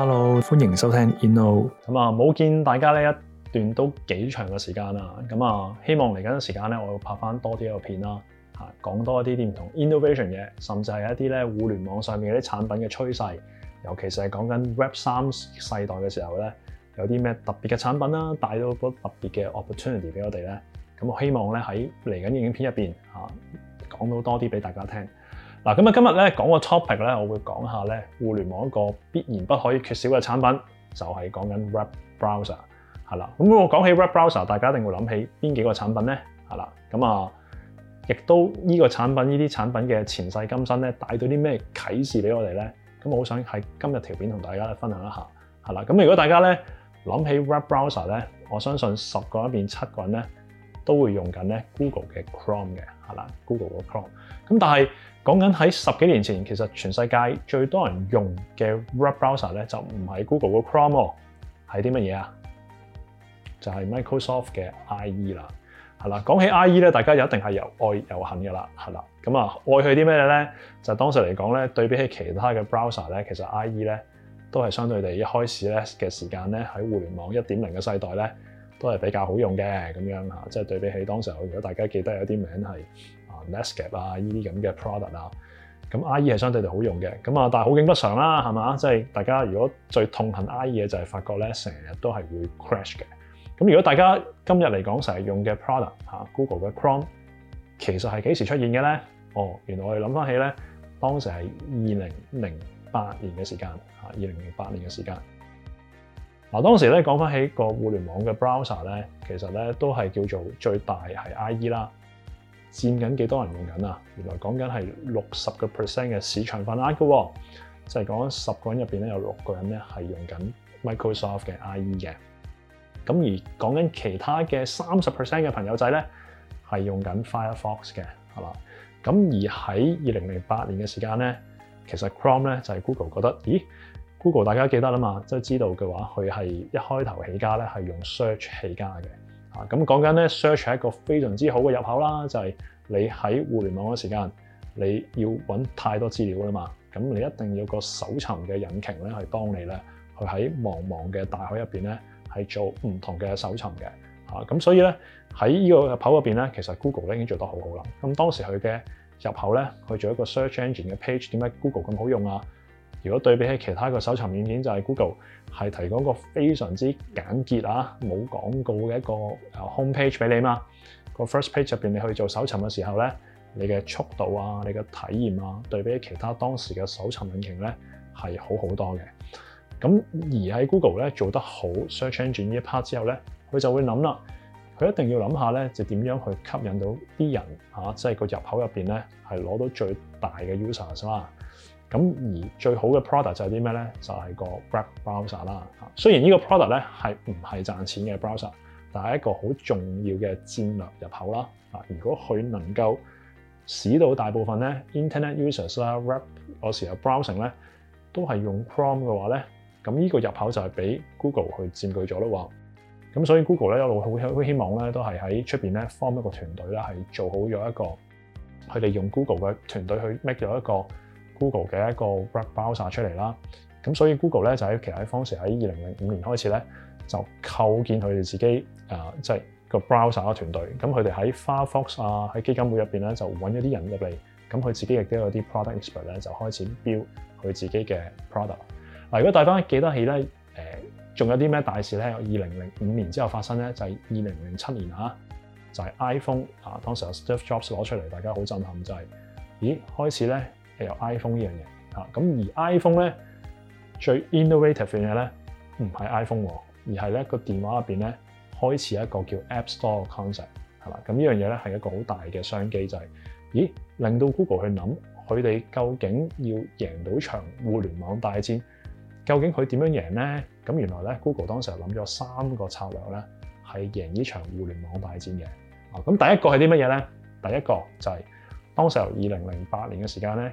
Hello，歡迎收聽 Ino。咁啊，冇見大家咧一段都幾長嘅時間啦。咁啊，希望嚟緊時間咧，我會拍翻多啲一個片啦，嚇講多一啲啲唔同 innovation 嘅，甚至係一啲咧互聯網上面嗰啲產品嘅趨勢，尤其是係講緊 Web 三世代嘅時候咧，有啲咩特別嘅產品啦，帶到個特別嘅 opportunity 俾我哋咧。咁我希望咧喺嚟緊影片入邊嚇講到多啲俾大家聽。嗱，咁啊，今日咧講個 topic 咧，我會講下咧互聯網一個必然不可以缺少嘅產品，就係講緊 web browser，係啦。咁如果講起 web browser，大家一定會諗起邊幾個產品咧，係啦。咁啊，亦都呢個產品、呢啲產品嘅前世今生咧，帶到啲咩啟示俾我哋咧？咁我好想喺今日條片同大家分享一下，係啦。咁如果大家咧諗起 web browser 咧，我相信十個入面七個人咧都會用緊咧 Google 嘅 Chrome 嘅。Google 個 Chrome，咁但係講緊喺十幾年前，其實全世界最多人用嘅 Web browser 咧，就唔係 Google 個 Chrome 喎，係啲乜嘢啊？就係 Microsoft 嘅 IE 啦，係啦。講起 IE 咧，大家又一定係又愛又恨噶啦，係啦。咁啊，愛佢啲咩咧？就當時嚟講咧，對比起其他嘅 browser 咧，其實 IE 咧都係相對地一開始咧嘅時間咧，喺互聯網一點零嘅世代咧。都係比較好用嘅咁樣吓，即係對比起當時候，如果大家記得有啲名係啊 Netscape 啊呢啲咁嘅 product 啊，咁 IE 係相對就好用嘅，咁啊但係好景不常啦，係嘛？即係大家如果最痛恨 IE 嘅就係發覺咧，成日都係會 crash 嘅。咁如果大家今日嚟講成日用嘅 product 吓 Google 嘅 Chrome，其實係幾時出現嘅咧？哦，原來我哋諗翻起咧，當時係二零零八年嘅時間吓，二零零八年嘅時間。嗱，當時咧講翻起個互聯網嘅 browser 咧，其實咧都係叫做最大係 IE 啦，佔緊幾多人用緊啊？原來講緊係六十個 percent 嘅市場份額噶，就係講十個人入邊咧有六個人咧係用緊 Microsoft 嘅 IE 嘅，咁而講緊其他嘅三十 percent 嘅朋友仔咧係用緊 Firefox 嘅，係啦，咁而喺二零零八年嘅時間咧，其實 Chrome 咧就係 Google 覺得，咦？Google 大家記得啦嘛，即係知道嘅話，佢係一開頭起家咧係用 search 起家嘅。啊，咁、嗯、講緊咧，search 係一個非常之好嘅入口啦，就係、是、你喺互聯網嘅時間，你要揾太多資料啦嘛，咁你一定要一個搜尋嘅引擎咧，去幫你咧去喺茫茫嘅大海入邊咧係做唔同嘅搜尋嘅。啊，咁、嗯、所以咧喺呢個入口入邊咧，其實 Google 咧已經做得很好好啦。咁、嗯、當時佢嘅入口咧，佢做一個 search engine 嘅 page，點解 Google 咁好用啊？如果對比起其他個搜尋軟件，就係 Google 係提供個非常之簡潔啊，冇廣告嘅一個 home page 俾你嘛。個 first page 入邊你去做搜尋嘅時候咧，你嘅速度啊、你嘅體驗啊，對比起其他當時嘅搜尋引擎咧，係好好多嘅。咁而喺 Google 咧做得好 search engine 呢一 part 之後咧，佢就會諗啦，佢一定要諗下咧，就點樣去吸引到啲人啊，即係個入口入邊咧係攞到最大嘅 users 啦。咁而最好嘅 product 就係啲咩咧？就係、是、個 web browser 啦。雖然呢個 product 咧係唔係賺錢嘅 browser，但係一個好重要嘅戰略入口啦。啊，如果佢能夠使到大部分咧 internet users 啦 web 嗰時候 browsing 咧都係用 Chrome 嘅話咧，咁呢個入口就係俾 Google 去佔據咗咯喎。咁所以 Google 咧一路好希好希望咧都係喺出邊咧 form 一個團隊啦，係做好咗一個佢哋用 Google 嘅團隊去 make 咗一個 Google 嘅一個 browser 出嚟啦，咁所以 Google 咧就喺、是、其實喺方式喺二零零五年開始咧就構建佢哋自己啊，即、呃、係、就是、個 browser 嘅團隊。咁佢哋喺 Firefox 啊，喺基金會入邊咧就揾咗啲人入嚟，咁佢自己亦都有啲 product expert 咧就開始 build 佢自己嘅 product。嗱、呃，如果大家記得起咧，誒、呃，仲有啲咩大事咧？二零零五年之後發生咧，就係二零零七年啊，就係、是、iPhone 啊，當時有 Steve Jobs 攞出嚟，大家好震撼，就係、是，咦，開始咧。係由 iPhone 呢樣嘢嚇，咁而 iPhone 咧最 innovative 嘅嘢咧，唔係 iPhone 而係咧個電話入邊咧開始一個叫 App Store 嘅 concept 係嘛？咁呢樣嘢咧係一個好大嘅商機，就係咦，令到 Google 去諗佢哋究竟要贏到場互聯網大戰，究竟佢點樣贏咧？咁原來咧 Google 當時諗咗三個策略咧，係贏呢場互聯網大戰嘅。啊，咁第一個係啲乜嘢咧？第一個就係當時由二零零八年嘅時間咧。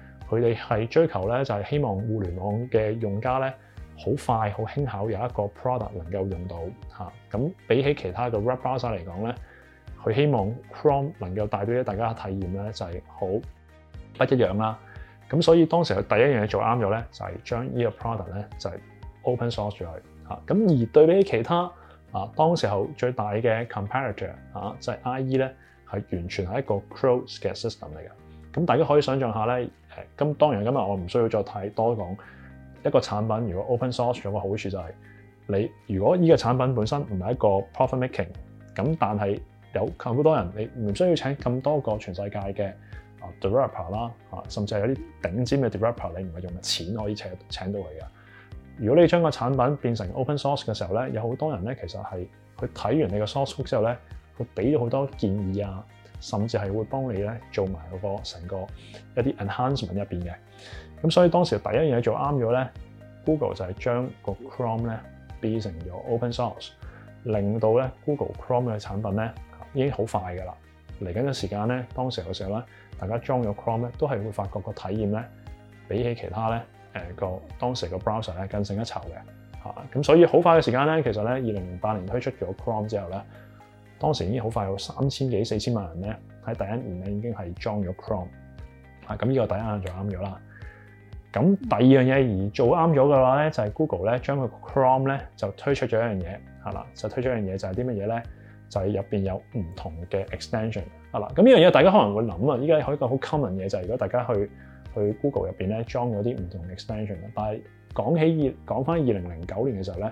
佢哋係追求咧，就係、是、希望互聯網嘅用家咧，好快好輕巧有一個 product 能夠用到咁、啊、比起其他嘅 web browser 嚟講咧，佢希望 Chrome 能夠帶俾大家體驗咧，就係、是、好不一樣啦。咁所以當時第一樣嘢做啱咗咧，就係將呢個 product 咧就係、是、open source 咗去咁、啊、而對比起其他啊，當時候最大嘅 comparator、啊、就係、是、IE 咧，係完全係一個 closed system 嚟嘅。咁大家可以想象一下咧。咁當然今日我唔需要再太多講一個產品。如果 open source 有個好處，就係你如果呢個產品本身唔係一個 profit making，咁但係有咁多人，你唔需要請咁多個全世界嘅 developer 啦，甚至係有啲頂尖嘅 developer 你唔係用錢可以請請到佢噶。如果你將個產品變成 open source 嘅時候咧，有好多人咧其實係佢睇完你個 source code 之後咧，佢俾咗好多建議啊。甚至係會幫你咧做埋嗰個成個一啲 enhancement 入邊嘅，咁所以當時第一樣嘢做啱咗咧，Google 就係將個 Chrome 咧變成咗 open source，令到咧 Google Chrome 嘅產品咧已經好快㗎啦。嚟緊嘅時間咧，當時嘅時候咧，大家裝咗 Chrome 咧都係會發覺個體驗咧比起其他咧誒個當時個 browser 咧更勝一籌嘅吓。咁、啊、所以好快嘅時間咧，其實咧二零零八年推出咗 Chrome 之後咧。當時已經好快有三千幾四千萬人咧，喺第一年咧已經係裝咗 Chrome，啊咁呢個第一樣就啱咗啦。咁第二樣嘢而做啱咗嘅話咧，就係、是、Google 咧將佢個 Chrome 咧就推出咗一樣嘢，係啦，就推出一樣嘢就係啲乜嘢咧？就係入邊有唔同嘅 extension，係啦。咁呢樣嘢大家可能會諗啊，依家可以個好 common 嘢，就係、是、如果大家去去 Google 入邊咧裝嗰啲唔同嘅 extension。但係講起二講返二零零九年嘅時候咧。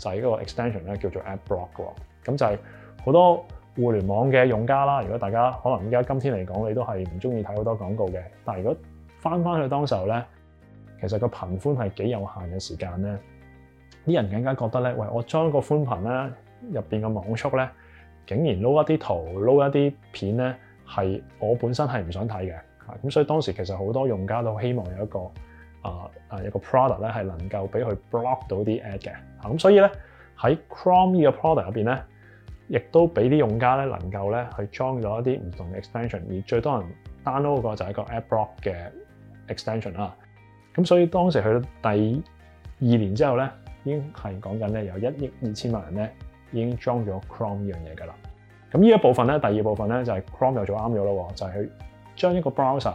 就係嗰個 extension 咧，叫做 AdBlock 喎。咁就係好多互聯網嘅用家啦。如果大家可能而家今天嚟講，你都係唔中意睇好多廣告嘅。但係如果翻翻去當時候咧，其實個頻寬係幾有限嘅時間咧，啲人更加覺得咧，喂，我將個寬頻咧入邊嘅網速咧，竟然撈一啲圖、撈一啲片咧，係我本身係唔想睇嘅。咁所以當時其實好多用家都希望有一個。啊啊，一個 product 咧係能夠俾佢 block 到啲 ad 嘅，咁所以咧喺 Chrome 呢個 product 入邊咧，亦都俾啲用家咧能夠咧去裝咗一啲唔同嘅 extension，而最多人 download 嗰個就係個 ad block 嘅 extension 啦。咁所以當時去到第二年之後咧，已經係講緊咧有一億二千萬人咧已經裝咗 Chrome 呢樣嘢㗎啦。咁呢一部分咧，第二部分咧就係、是、Chrome 又做啱咗咯，就係佢將一個 browser。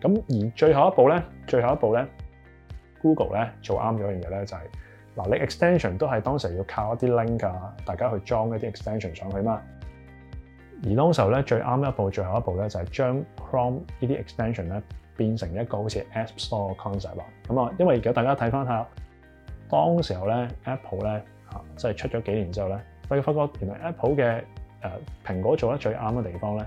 咁而最後一步咧，最後一步咧，Google 咧做啱咗嘅嘢咧，就係嗱，你 extension 都係當時要靠一啲 link 噶，大家去裝一啲 extension 上去嘛。而當時候咧最啱一步，最後一步咧就係將 Chrome 呢啲 extension 咧變成一個好似 App Store 嘅 concept 啦。咁啊，因為如果大家睇翻下當時候咧 Apple 咧即係出咗幾年之後咧，我哋發覺原來 Apple 嘅誒、呃、蘋果做得最啱嘅地方咧。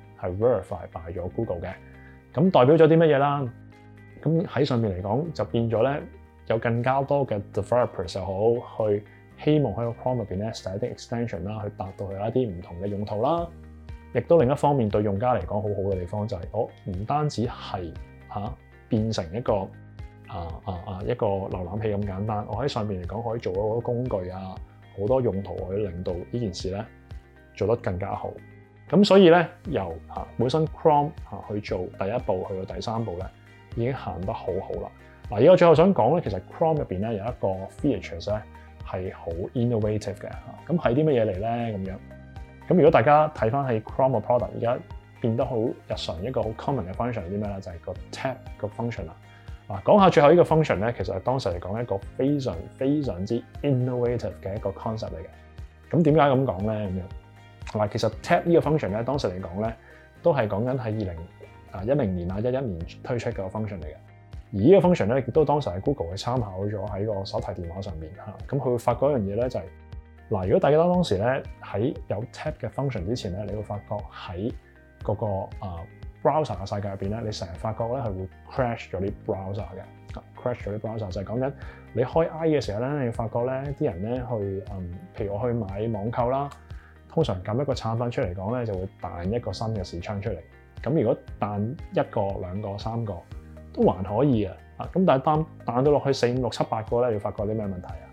係 verify by 咗 Google 嘅，咁代表咗啲乜嘢啦？咁喺上面嚟講就變咗咧，有更加多嘅 developers 又好，去希望喺個 Chrome 入邊咧寫啲 extension 啦，去達到佢一啲唔同嘅用途啦。亦都另一方面對用家嚟講好好嘅地方就係我唔單止係吓、啊、變成一個啊啊啊一個瀏覽器咁簡單，我喺上面嚟講可以做好多工具啊，好多用途去令到呢件事咧做得更加好。咁所以咧，由嚇本身 Chrome 去做第一步，去到第三步咧，已經行得好好啦。嗱，而我最後想講咧，其實 Chrome 入面咧有一個 features 咧係好 innovative 嘅嚇。咁係啲乜嘢嚟咧？咁樣咁如果大家睇翻喺 Chrome 嘅 product，而家變得好日常，一個好 common 嘅 function 係啲咩咧？就係、是、個 tab 個 function 啦。嗱，講下最後呢個 function 咧，其實係當時嚟講一個非常非常之 innovative 嘅一個 concept 嚟嘅。咁點解咁講咧？咁樣嗱，其實 tap 呢個 function 咧，當時嚟講咧，都係講緊喺二零啊一零年啊一一年推出嘅 function 嚟嘅。而這個呢個 function 咧，亦都當時喺 Google 嘅參考咗喺個手提電話上面嚇。咁、啊、佢會發覺一樣嘢咧，就係、是、嗱、啊，如果大家當時咧喺有 tap 嘅 function 之前咧，你會發覺喺嗰、那個啊 browser 嘅世界入邊咧，你成日發覺咧係會 crash 咗啲 browser 嘅、啊、crash 咗啲 browser 就係講緊你開 I 嘅時候咧，你會發覺咧啲人咧去嗯，譬如我去買網購啦。通常撳一個產品出嚟講咧，就會彈一個新嘅視窗出嚟。咁如果彈一個、兩個、三個都還可以啊。啊，咁但係彈到落去四五六七八個咧，要發覺啲咩問題啊？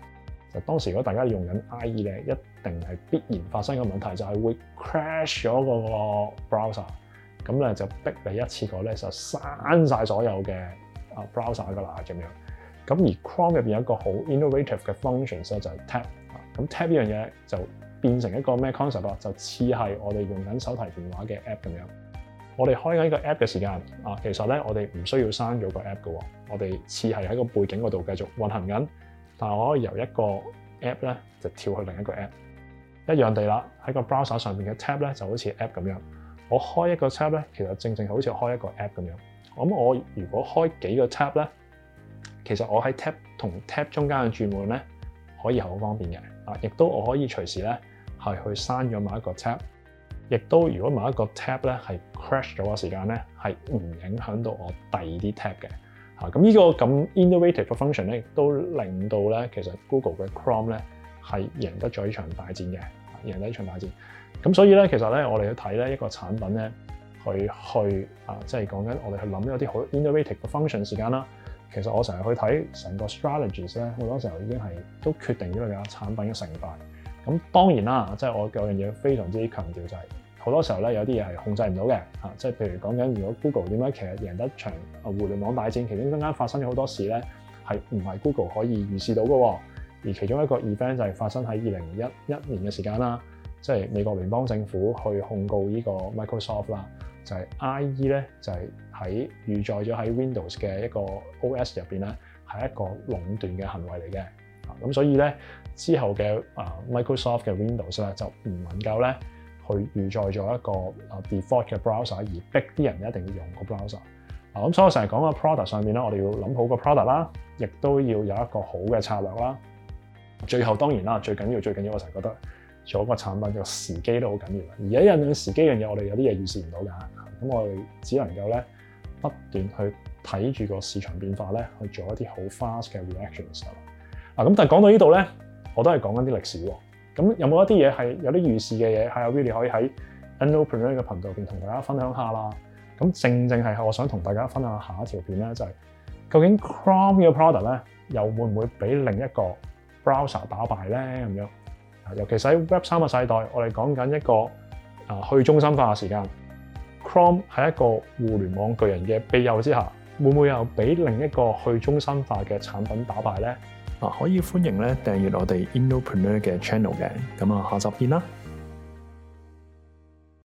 就當時如果大家用緊 IE 咧，一定係必然發生嘅問題，就係、是、會 crash 咗嗰個 browser。咁咧就逼你一次過咧就刪晒所有嘅啊 browser 嘅啦咁樣。咁而 Chrome 入面有一個好 innovative 嘅 function 咧，就係 tab。咁 tab 呢樣嘢就～變成一個咩 concept 咯？就似係我哋用緊手提電話嘅 app 咁樣。我哋開緊呢個 app 嘅時間啊，其實咧我哋唔需要刪咗個 app 嘅。我哋似係喺個背景嗰度繼續運行緊，但係我可以由一個 app 咧就跳去另一個 app 一樣地啦。喺個 browser 上邊嘅 tab 咧就好似 app 咁樣。我開一個 tab 咧，其實正正好似開一個 app 咁樣。咁我，我如果開幾個 tab 咧，其實我喺 tab 同 tab 中間嘅轉換咧可以係好方便嘅。啊！亦都我可以隨時咧係去刪咗某一個 tab，亦都如果某一個 tab 咧係 crash 咗個時間咧，係唔影響到我第二啲 tab 嘅。咁、啊這個、呢個咁 innovative 嘅 function 咧，亦都令到咧其實 Google 嘅 Chrome 咧係贏得咗呢場大戰嘅，贏、啊、得呢場大戰。咁、啊、所以咧，其實咧我哋去睇咧一個產品咧，去去啊，即係講緊我哋去諗一啲好 innovative 嘅 function 時間啦。其實我成日去睇成個 strategies 咧，好多時候已經係都決定咗你間產品嘅成敗。咁當然啦，即係我有樣嘢非常之強調就係、是，好多時候咧有啲嘢係控制唔到嘅吓。即係譬如講緊，如果 Google 點解其實贏得場啊互聯網大戰，其中間發生咗好多事咧，係唔係 Google 可以預示到嘅、哦？而其中一個 event 就係發生喺二零一一年嘅時間啦，即係美國聯邦政府去控告個 Microsoft，呢個 Microsoft 啦，就係 IE 咧就係。喺預載咗喺 Windows 嘅一個 OS 入邊咧，係一個壟斷嘅行為嚟嘅。啊，咁所以咧，之後嘅啊 Microsoft 嘅 Windows 咧就唔能夠咧去預載咗一個啊 default 嘅 browser，而逼啲人一定要用個 browser。啊，咁所以我成日講個 product 上面咧，我哋要諗好個 product 啦、啊，亦都要有一個好嘅策略啦、啊。最後當然啦，最緊要最緊要我成日覺得做一個產品嘅時機都好緊要。而喺引領時機樣嘢，我哋有啲嘢預視唔到嘅咁、啊、我哋只能夠咧。不斷去睇住個市場變化咧，去做一啲好 fast 嘅 reactions 啊！咁但係講到呢度咧，我都係講緊啲歷史喎。咁有冇一啲嘢係有啲預示嘅嘢？係啊 Willie 可以喺 Endopreneur 嘅頻道入邊同大家分享一下啦。咁正正係我想同大家分享下一條片咧，就係、是、究竟 Chrome 嘅 product 咧，又會唔會俾另一個 browser 打敗咧？咁樣啊，尤其喺 Web 三嘅世代，我哋講緊一個啊去中心化嘅時間。Chrome 喺一個互聯網巨人嘅庇佑之下，會唔會又俾另一個去中心化嘅產品打敗呢？可以歡迎咧訂閱我哋 Innopreneur 嘅 channel 嘅，咁下集見啦。